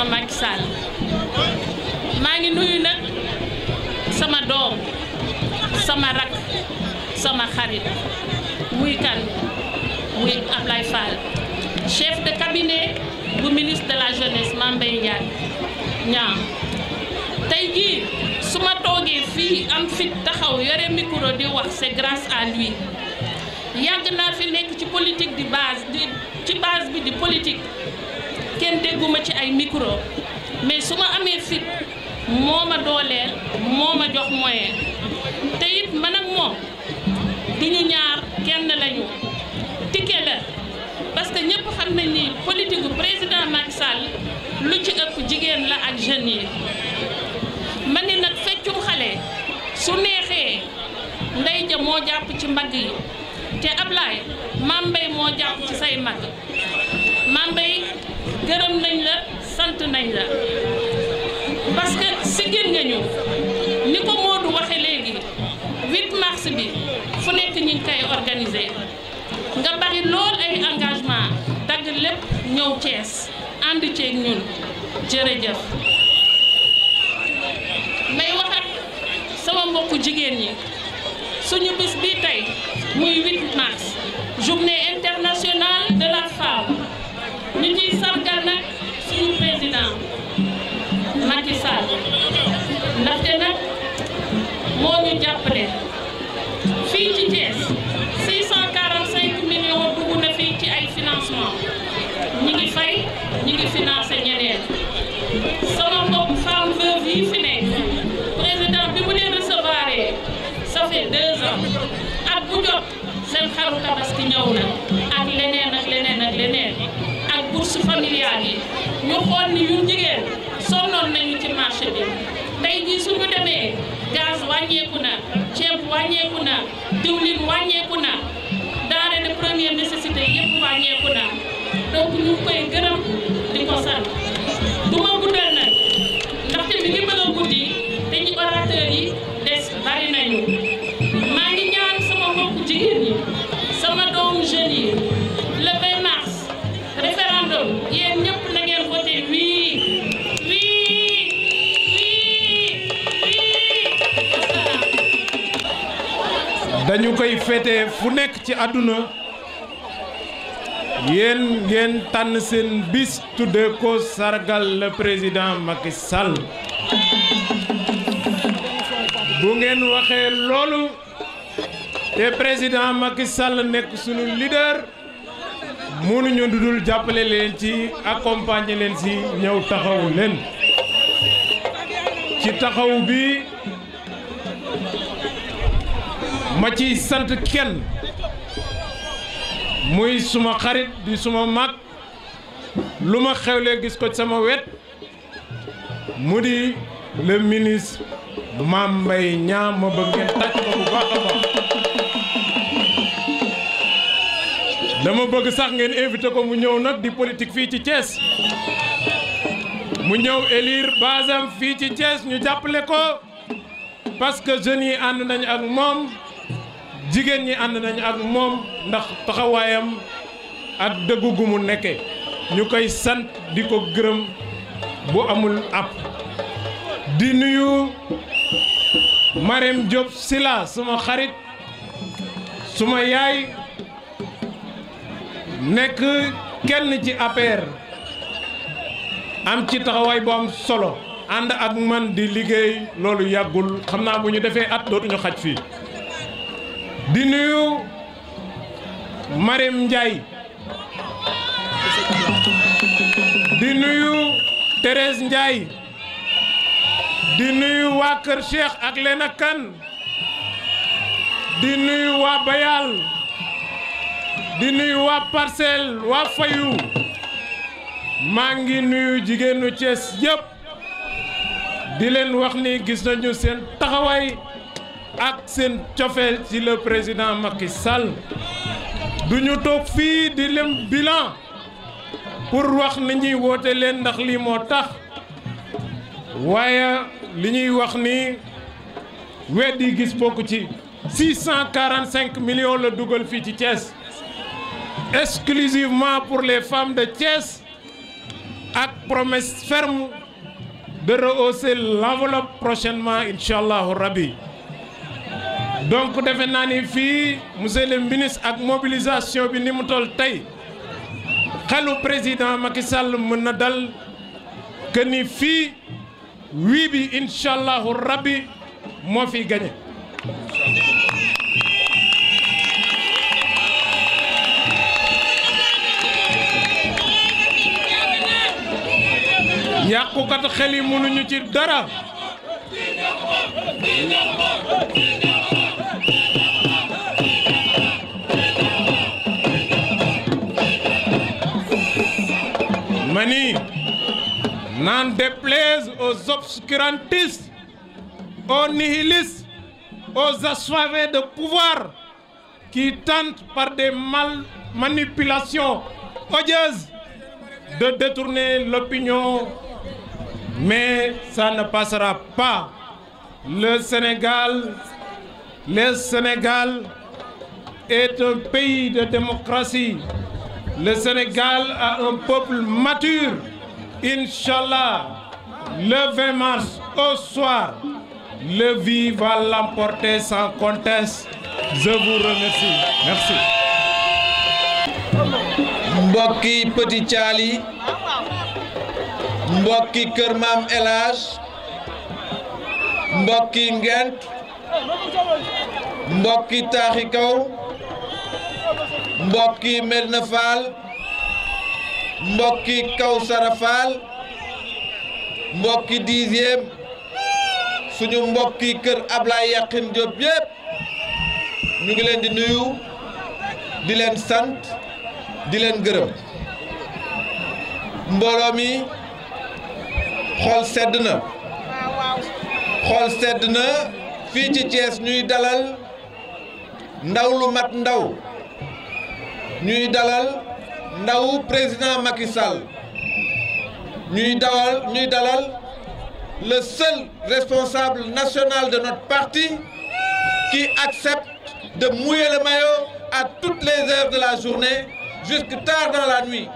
président Macky Sall maa ngi nuyu nag sama doom sama rak sama xarit muy kan muy Ablaye Fall chef de cabinet bu ministre de la jeunesse Mame Mbaye Ndiaye ñaam tey jii su ma toogee fii am fit taxaw yore micro di wax c'est grâce à lui yàgg naa fi nekk ci politique di base di ci base bi di politique kenn dégguma ci ay micro mais su ma amee fit moo ma dooleel moo ma jox moyen te it man ak moom duñu ñaar kenn lañu ticket la parce que ñëpp xam nañ ni politique gu président Macky Sall lu ci ëpp jigéen la ak jeunes yi ma ni nag feccum xale su neexee ndey ja moo jàpp ci mbagg yi te Ablaye Mame Mbaye moo jàpp ci say mbagg gërëm nañ la sant nañ la parce que siggil nga ñu ni ko Modou waxe léegi 8 mars bi fu nekk ñu ngi koy organisé nga bari lool ay engagement dagg lépp ñëw Thiès ànd ceeg ñun jërëjëf may wax sama mbokku jigéen ñi suñu bis bi tey muy 8 mars journée internationale de la femme ñu ciy sargal nag ñu xool ni ñun jigéen sonnoon nañu ci marché bi tey jii suñu demee gaz wàññeeku na ceeb wàññeeku na diwlin wàññeeku na denrée de première nécessité yëpp wàññeeku na donc ñu koy gërëm di ko koy féete fu nekk ci àdduna yéen ngeen tànn seen bis tudde ko sargal le président Macky bu ngeen waxee loolu te président Macky Sall nekk sunu leader mënuñu dudul jàppale leen ci accompagner leen si ñëw taxawu leen ci taxaw bi ma ci sant kenn muy suma xarit bi suma mag lu ma xewlee gis ko sama wet mu di le ministre Mame Mbaye Niang ma bëgg ngeen tàcc ko bu baax a baax dama bëgg sax ngeen invité ko mu ñëw nag di politique fii ci Thiès mu ñëw élire basam fii ci Thiès ñu jàppale ko parce que jeunes yi ànd nañ ak moom jigéen ñi ànd nañu ak moom ndax taxawaayam ak dëggu gu mu nekke ñu koy sant di ko gërëm bu amul app di nuyu Marème Diop Sila suma xarit suma yaay nekk kenn ci APR am ci taxawaay bu am solo ànd ak man di liggéey loolu yàggul xam naa bu ñu defee at dootuñu xaj fii di nuyu Marème Ndiaye di nuyu Thérèse Ndiaye di nuyu waa Kër Cheikh ak Lena Kane di nuyu waa Bayal di nuyu waa Parcelles waa Fayu maa ngi nuyu jigéenu Thiès yëpp di leen wax ni gis nañu seen taxawaay. ak seen cofeel ci la président Macky sal du ñu toog fii di lem bilan pour wax ni ñuy woote leen ndax lii moo tax waaye li ñuy wax ni weddi gis bokku ci 645 millions la dugal fii ci Thiès exclusivement pour les femmes de Thiès ak promesse ferme de rehausser l'enveloppe prochainement incha allahu rabbi donc defe naa ni fii monsieur le ministre ak mobilisation bi ni mu toll tey xelu président Macky sàll mën na dal que fii wii bi incha allahu rabbi moo fi gagné. yàqukat xel yi mënuñu ci dara. en déplaise aux obscurantistes, aux nihilistes, aux assoiffés de pouvoir qui tentent par des manipulations odieuses de détourner l'opinion. Mais ça ne passera pas. Le Sénégal, le Sénégal est un pays de démocratie. Le Sénégal a un peuple mature. Inch'Allah, le 20 mars au soir, le vie va l'emporter sans conteste. mbokki Petit Thialy mbokki Kër Maam mbokki Ngent mbokki Taaxi Kaw mbokki Medina mbokki kaw Fall mbokki dixième suñu mbokki kër Ablaye Yakhine Diop yëpp ñu ngi leen di nuyu di leen sant di leen gërëm mbooloo mi xol sedd na xool sedd na fii ci Thiès ñuy dalal ndaw lu mat ndaw ñuy dalal ndaw président Macky Sall ñuy dawal ñuy dalal le seul responsable national de notre parti qui accepte de mouiller le maillot à toutes les heures de la journée jusque tard dans la nuit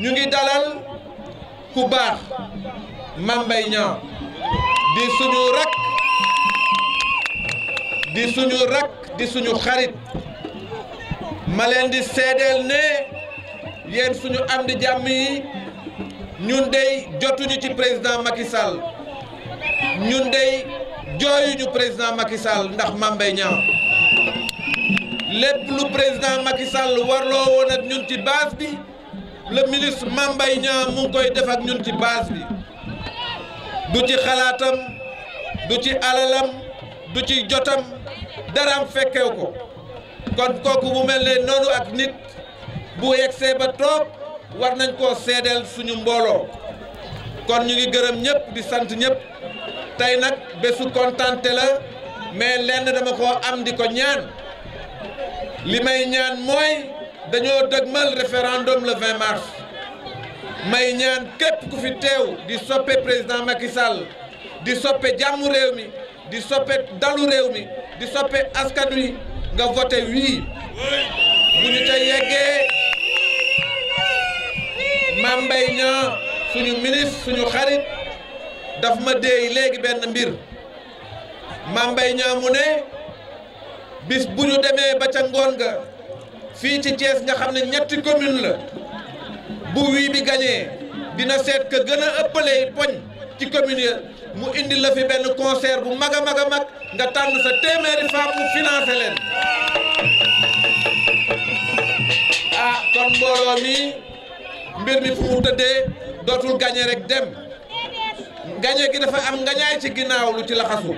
ñu ngi dalal ku baax Mame Mbaye Niang di suñu rak di suñu rak di suñu xarit ma leen di seedeel ne yéen suñu am di jàmm yi ñun dey jotuñu ci président Macky Sall ñun dey jooyuñu président Macky Sall ndax Mame Mbaye lépp lu président Macky Sall warloo woon ak ñun ci base bi le ministre Mame Mbaye Niang mu ngi koy def ak ñun ci base bi du ci xalaatam du ci alalam du ci jotam daraam fekkew ko kon kooku bu mel ne noonu ak nit bu yegsee ba toog war nañ koo seedeel suñu mbooloo kon ñu ngi gërëm ñëpp di sant ñëpp tey nag bésu kontante la mais lenn dama ko am di ko ñaan li may ñaan mooy dañoo dëgmal référendum le 20 mars may ñaan képp ku fi teew di soppe président Macky Sall di soppe jàmmu réew mi di soppe dalu réew mi di soppe askan wi nga voté oui bu ñu ca yeggee Mame ñaa Niang suñu ministre suñu xarit daf ma déey léegi benn mbir Mame Mbaye Niang mu ne bis bu ñu demee ba ca ngoon ga fii ci Thiès nga xam ne ñetti commune la bu wii bi gañee dina seet ka gën a ëppale poñ ci commune ya mu indi la fi benn concert bu mag a mag a mag nga tànn sa téeméeri femme mu financé leen ah kon mbooloo mi mbir mi fu mu tëddee dootul gañe rek dem gañe gi dafa am ngañaay ci ginnaaw lu ci laxasu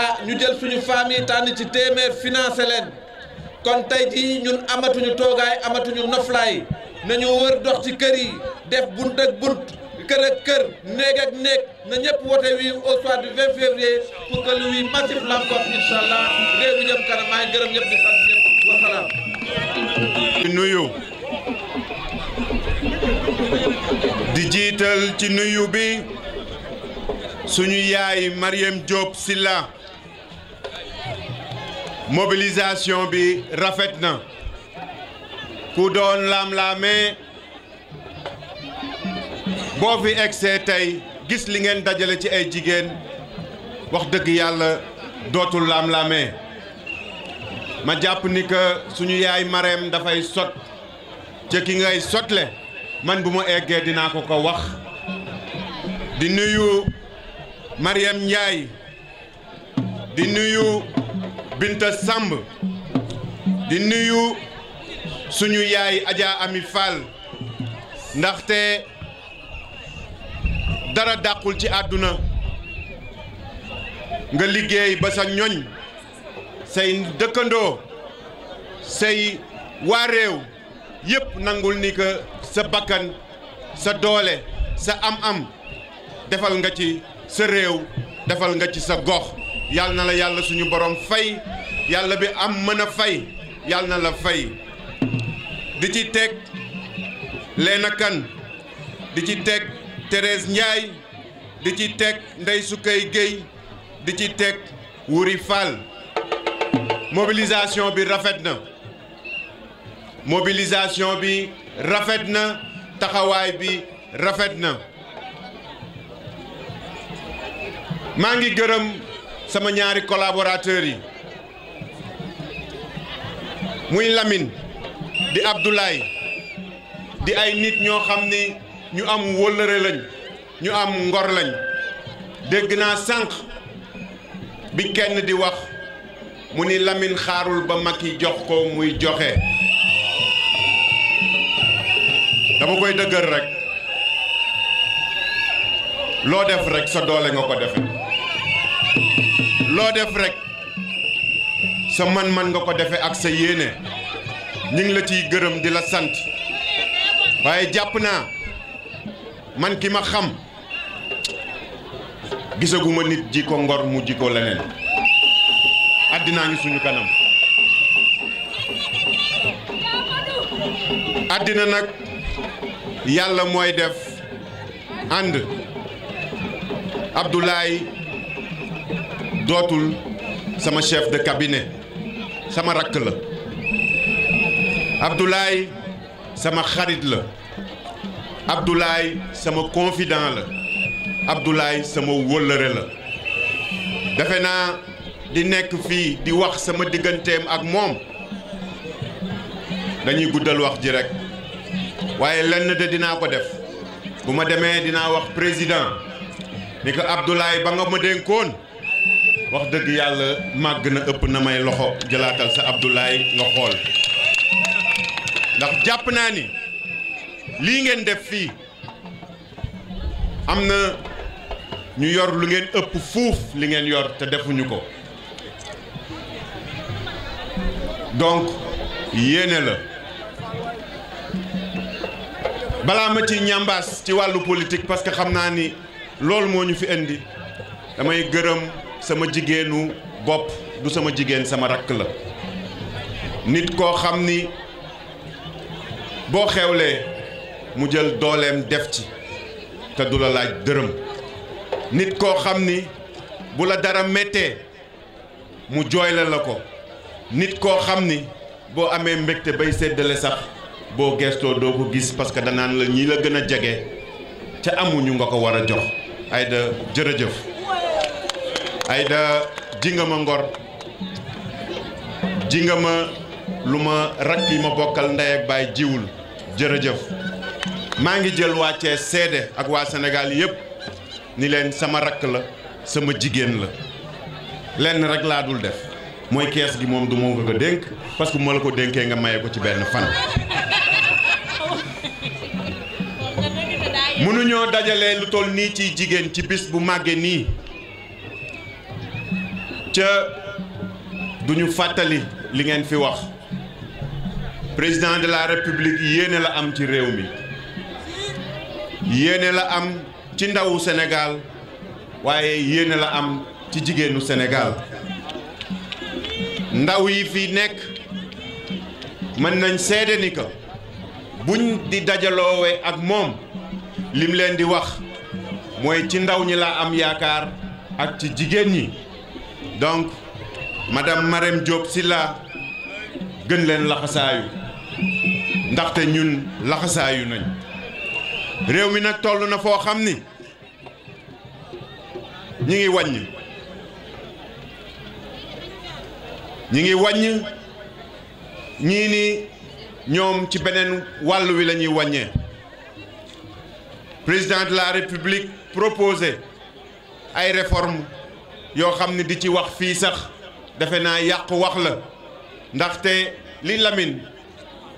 ah ñu jël suñu femme tànn ci téeméer financé leen kon tey ji ñun amatuñu toogaay amatuñu noflaay nañu wër dox ci kër yi def bunt ak bunt kër ak di jiital ci nuyu bi suñu yaay Mariam Diop Silla mobilisation bi rafet na ku doon laam-laamee. boo fi egsee tey gis li ngeen dajale ci ay jigéen wax dëgg yàlla dootul laam-laamee ma jàpp ni que suñu yaay mareem dafay sot ca ki ngay sotle man bu mu eggee dinaa ko ko wax di nuyu Mariam Ndiaye di nuyu Binta sàmb di nuyu suñu yaay Adja Ami Fall ndaxte dara dàqul ci àdduna nga liggéey ba sa ñoñ say dëkkandoo say waa réew yépp nangul ni que sa bakkan sa doole sa am-am defal nga ci sa réew defal nga ci sa gox yàlla na la yàlla suñu borom fay yàlla bi am mën a fay yàlla na la fay di ci teg Léna di ci teg Thérèse Ndiaye di ci teg Ndey Sukay Guèye di ci teg Wuri Fall mobilisation bi rafet na mobilisation bi rafet na taxawaay bi rafet na maa ngi gërëm sama ñaari collaborateurs yi muy Lamine di Abdoulaye di ay nit ñoo xam ne ñu am wóllëre lañ ñu am ngor lañ dégg naa sànq bi kenn di wax mu ni lamin xaarul ba yi jox ko muy joxe dama koy dëggal rek loo def rek sa doole nga ko defe loo def rekk sa man-man nga ko defe ak sa yéene ñu la ciy gërëm di la sant waaye jàpp naa man ki ma xam gisaguma nit ji ko ngor mu ji ko leneen àddinaa ngi suñu kanam àddina nag yàlla mooy def ànd Abdoulaye dootul sama chef de cabinet sama rakk la Abdoulaye sama xarit la Abdoulaye sama confident la Abdoulaye sama wóllëre la defe naa di nekk fii di wax sama digganteem ak moom dañuy guddal wax ji rek waaye lenn de dinaa ko def bu ma demee dinaa wax président ni ko Abdoulaye ba nga ma dénkoon wax dëgg yàlla màgg na ëpp na may loxo jëlaatal sa Abdoulaye nga xool ndax jàpp naa ni lii ngeen def fii am na ñu yor lu ngeen ëpp fuuf li ngeen yor te defuñu ko donc yéene la balaa ma ci ñambaas ci wàllu politique parce que xam naa ni loolu moo ñu fi indi damay gërëm sama jigéenu bopp du sama jigéen sama rakk la nit koo xam ni boo xewlee mu jël dooleem def ci te du la laaj dërëm nit koo xam ni bu la dara méttee mu jooyle la ko nit koo xam ni boo amee mbégte bay séddale sax boo gestoo doo ko gis parce que danaan la ñi la gën a jege ca amuñu nga ko war a jox Aïda jërëjëf Aïda ji nga ma ngor ji nga ma lu ma rakk yi ma bokkal ndey ak baay jiwul jërëjëf maa ngi jël waa Thiès seede ak waa Sénégal yëpp ni leen sama rakk la sama jigéen la lenn rek laa dul def mooy kees gi moom du ma ko dénk parce que ma la ko dénkee nga maye ko ci benn fan. mënuñoo dajale lu toll nii ci jigéen ci bis bu màggee nii ca duñu fàttali li ngeen fi wax président de la république yéene la am ci réew mi. yéene la am ci ndawu senegaal waaye yéene la am ci jigéenu senegaal ndaw yi fi nekk mën nañ seede ni ko buñ di dajaloowe ak moom lim leen di wax mooy ci ndaw ñi laa am yaakaar ak ci jigéen ñi donc madame Marème Diop Sylla gën leen laxasaayu ndaxte ñun laxasaayu nañ réew mi nag toll na foo xam ni ñu ngi wàññ ñu ngi wàññ ñii ni ñoom ci beneen wàll wi lañuy ñuy wàññee président de la république proposé ay réformes yoo xam ne di ci wax fii sax defe naa yàqu wax la ndaxte li lamin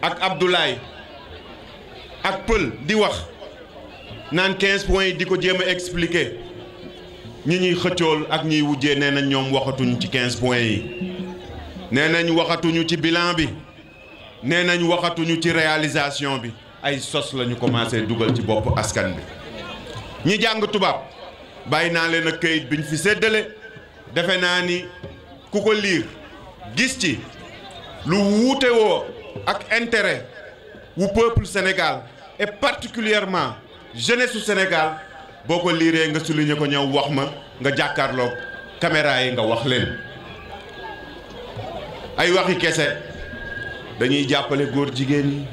ak Abdoulaye ak Pël di wax naan 15 points yi di ko jéem a expliquer ñi ñuy xëccool ak ñiy wujjee nee nañ ñoom waxatuñu ci 15 points yi nee nañ waxatuñu ci bilan bi nee nañ waxatuñu ci réalisation bi ay sos la ñu commencé dugal ci bopp askan bi ñi jàng tubaab bàyyi naa leen ak kayit bi ñu fi séddale defe naa ni ku ko liir gis ci lu wuute woo ak intérêt wu peuple Sénégal et particulièrement jeunesse su Sénégal boo ko liiree nga souligner ko ñëw wax ma nga jàkkaarloo caméra yi nga wax leen ay waxi kese dañuy jàppale góor jigéen ñi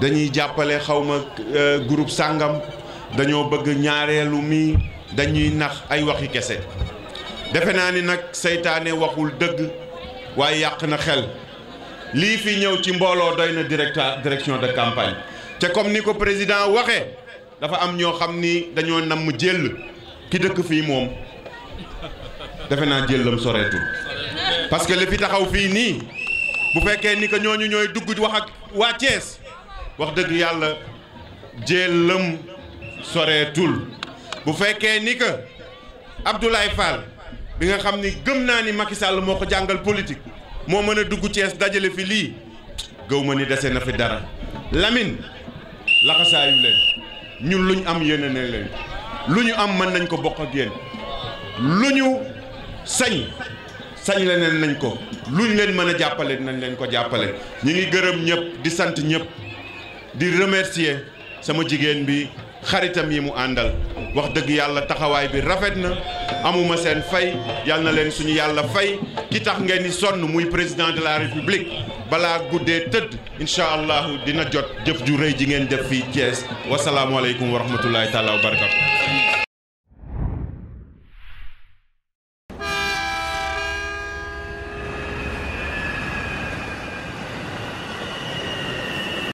dañuy jàppale xawma euh, groupe sàngam dañoo bëgg ñaareelu mi dañuy nax ay waxi kese defe naa ni nag seytaane waxul dëgg waaye yàq na xel lii fi ñëw ci mbooloo doy na directeur direction de campagne te comme ni ko président waxee dafa am ñoo xam ni dañoo namm jël ki dëkk fii moom defe naa jëllam soreetul parce que li fi taxaw fii nii bu fekkee ni que ñooñu ñooy dugg wax ak waa Thiès wax dëgg yàlla jëllam soreetul bu fekkee ni que Abdoulaye Fall bi nga xam ni gëm naa ni Macky Sall moo ko jàngal politique moo mën a dugg Thiès dajale fi lii gëw ma ni dese na fi dara Lamine laxasaayu leen. ñun lu ñu am yéene ne leen lu ñu am mën nañ ko bokk ak yéen lu ñu sañ sañ leneen nañ ko lu ñu leen mën a jàppale nañ leen ko jàppale ñu ngi gërëm ñëpp di sant ñëpp di remercier sama jigéen bi xaritam yi mu àndal wax dëgg yàlla taxawaay bi rafet na amuma seen fay yal na leen suñu yàlla fay ki tax ngeen di sonn muy président de la république balaa guddee tëdd incha allahu dina jot jëf ju rëy ji ngeen def fii Thiès wasalaamualeykum wa rahmatullahi taala wa barakatu